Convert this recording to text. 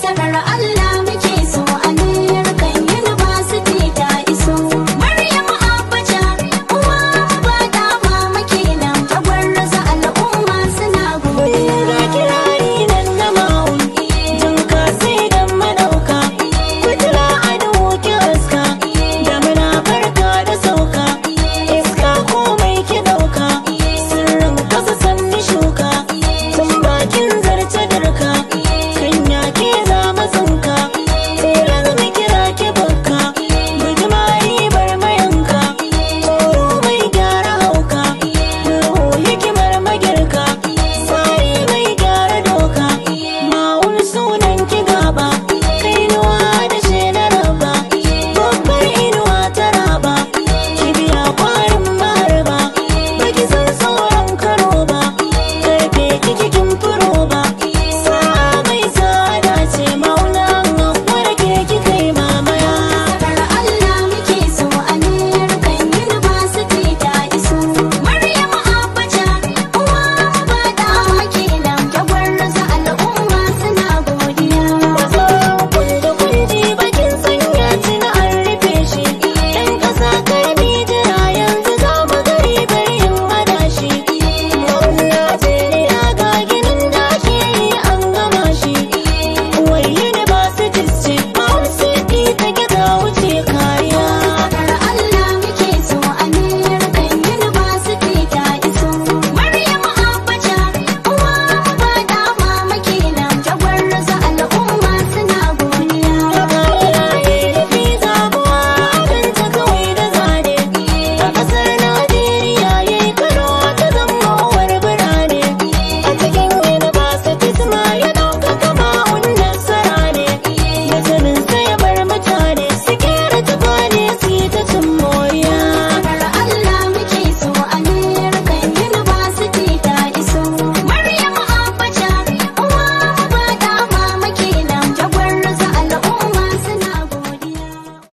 several Allah